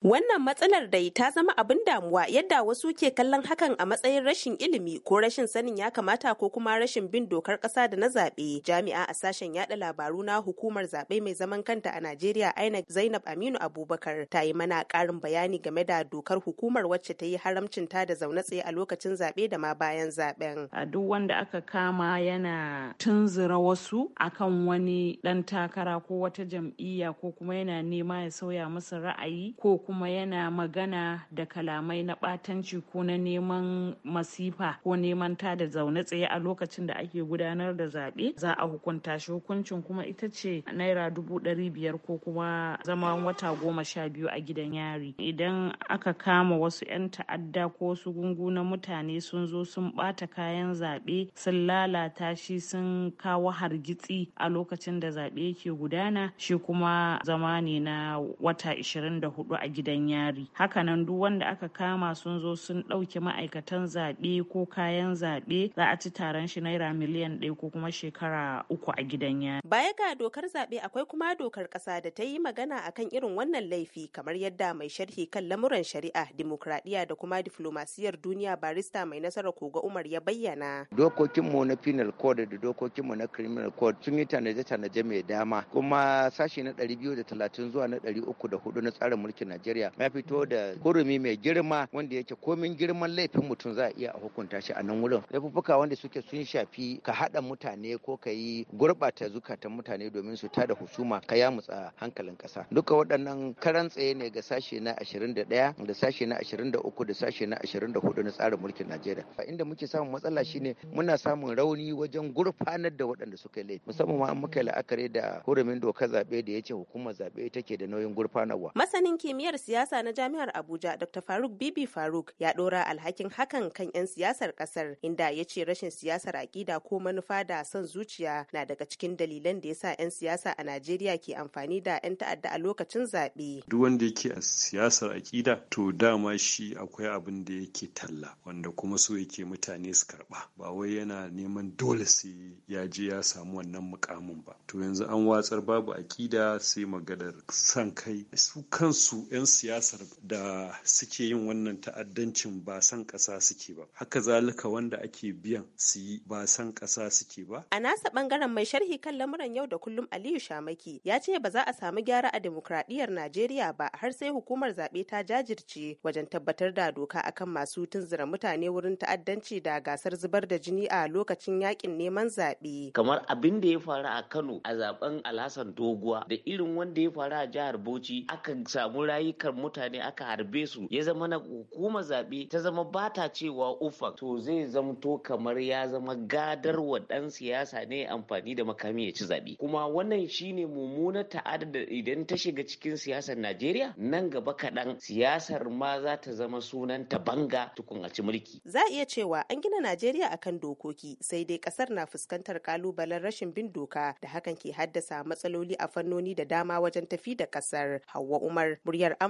Wannan matsalar dai ta zama abin damuwa yadda wasu ke kallon hakan a matsayin rashin ilimi ko rashin sanin ya kamata ko kuma rashin bin dokar ƙasa da na zaɓe. Jami'a a sashen yaɗa labaru na hukumar zaɓe mai zaman kanta a Najeriya INEC Zainab Aminu Abubakar ta yi mana karin bayani game da dokar hukumar wacce ta yi haramcin ta da zaune tsaye a lokacin zaɓe da ma bayan zaɓen. A duk wanda aka kama yana tunzura wasu akan wani ɗan takara ko wata jam'iyya ko kuma yana nema ya sauya musu ra'ayi ko kuma yana magana da kalamai na ɓatanci ko na neman masifa ko neman ta da zaune tsaye a lokacin da ake gudanar da zaɓe za a hukunta shi hukuncin kuma ita ce naira dubu ɗari biyar ko kuma zama wata goma sha biyu a gidan yari idan aka kama wasu 'yan ta'adda ko wasu gungu na mutane sun zo sun ɓata kayan zaɓe sun lalata shi sun kawo hargitsi a lokacin da zaɓe yake gudana shi kuma zama ne na wata 24 a gidan gidan yari hakanan duk wanda aka kama sun zo sun ɗauki ma'aikatan zabe ko kayan zaɓe za a ci taron shi naira miliyan ɗaya ko kuma shekara uku a gidan yari baya ga dokar zaɓe akwai kuma dokar ƙasa da ta yi magana akan irin wannan laifi kamar yadda mai sharhi kan lamuran shari'a dimokuraɗiyya da kuma diflomasiyar duniya barista mai nasara koga umar ya bayyana dokokin mu na penal code da dokokin mu na criminal code sun yi tanaje-tanaje mai dama kuma sashi na 230 zuwa na 304 na tsarin mulkin najeriya Najeriya ya fito da kurumi mai girma wanda yake komin girman laifin mutum za a iya hukunta shi a nan wurin laifuffuka wanda suke sun shafi ka haɗa mutane ko ka yi gurɓata zukatan mutane domin su tada husuma ka yamutsa hankalin ƙasa duka waɗannan karan tsaye ne ga sashe na 21 da sashe na 23 da sashe na 24 na tsarin mulkin Najeriya inda muke samun matsala shine muna samun rauni wajen gurfanar da waɗanda suka yi laifi musamman ma an muka la'akari da hurumin doka zaɓe da ya ce hukumar zaɓe take da nauyin gurfanarwa masanin kimiyyar siyasa na jami'ar Abuja Dr. Faruk Bibi Faruk ya ɗora alhakin hakan kan 'yan siyasar ƙasar inda ya ce rashin siyasar aƙida ko manufa da son zuciya na daga cikin dalilan da ya sa 'yan siyasa a Najeriya ke amfani da 'yan ta'adda a lokacin zaɓe. Duk wanda yake a siyasar aƙida to dama shi akwai abin da yake talla wanda kuma so yake mutane su karɓa ba wai yana neman dole sai ya je ya samu wannan mukamin ba. To yanzu an watsar babu aƙida sai maganar san kai su kansu 'yan siyasar da suke yin wannan ta'addancin ba san ƙasa suke ba haka zalika wanda ake biyan su yi ba san ƙasa suke ba a nasa bangaren mai sharhi kan lamuran yau da kullum aliyu shamaki ya ce ba za a samu gyara a demokradiyyar najeriya ba har sai hukumar zaɓe ta jajirce wajen tabbatar da doka akan masu tunzura mutane wurin ta'addanci da gasar zubar da jini a lokacin yakin neman zaɓe kamar abin da ya faru a kano a zaben alhassan doguwa da irin wanda ya faru a jihar bauchi aka samu rayuka rayukan mutane aka harbe su ya zama na hukumar zaɓe ta zama ba ta cewa ufan to zai zamto kamar ya zama gadar wa ɗan siyasa ne amfani da makami ya ci zaɓe kuma wannan shine mummunar ta'ada da idan ta shiga cikin siyasar najeriya nan gaba kaɗan siyasar ma za ta zama sunan ta banga tukun a ci mulki za a iya cewa an gina najeriya akan dokoki sai dai ƙasar na fuskantar kalubalen rashin bin doka da hakan ke haddasa matsaloli a fannoni da dama wajen tafi da ƙasar hawa umar muryar amurka